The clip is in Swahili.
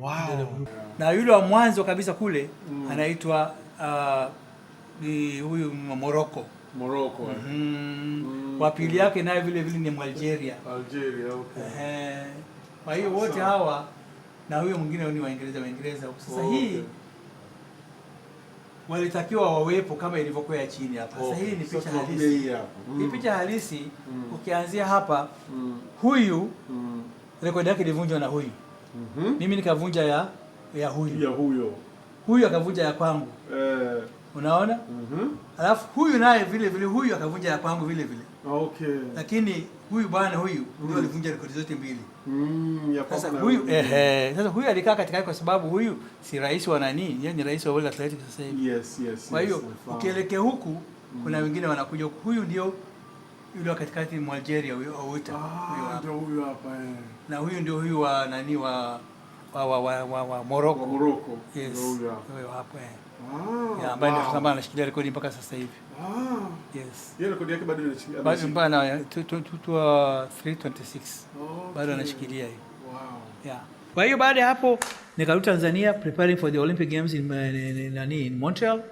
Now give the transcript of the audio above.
wow. Na yule wa mwanzo kabisa kule mm. anaitwa uh, huyu Moroko Morocco. mm -hmm. mm. wa pili yake naye vile vile ni Mwalgeria Algeria, okay. kwa hiyo wote hawa na huyo mwingine ni Waingereza Waingereza sasa hii walitakiwa wawepo kama ilivyokuwa ya chini hapa sasa hii ni mm. picha halisi Ni picha halisi ukianzia hapa mm. huyu mm. rekodi yake ilivunjwa na huyu -hmm. mimi nikavunja ya ya huyu ya huyo huyu akavunja ya kwangu eh. Unaona? mm -hmm. Alafu huyu naye vile vile huyu akavunja ya kwangu vile vile. Okay. Lakini huyu bwana huyu ndio mm. alivunja rekodi zote mbili. Mm, ya sasa huyu ehe, sasa huyu alikaa katikati kwa sababu huyu si rais wa nani, yeye ni rais wa World Athletics sasa hivi. Yes, yes. Kwa hiyo yes, ukielekea huku mm. kuna mhm. wengine wanakuja huku, huyu ndio yule wa katikati mwa Algeria huyo Outa. ah, ndio huyo hapa eh. Na huyu ndio huyu wa nani wa wa wa wa, wa, wa Morocco Morocco yes. Ndio huyo hapa huyo hapa eh. Ah, ambaye ndio wow. Anashikilia rekodi mpaka sasa hivi. Ah. Yes. Yeye rekodi yake bado inashikilia. Bado na 326. 226. Bado anashikilia hiyo. Wow. Yeah. Kwa hiyo baada ya hapo nikarudi Tanzania preparing for the Olympic Games in, eh, in, in, in Montreal.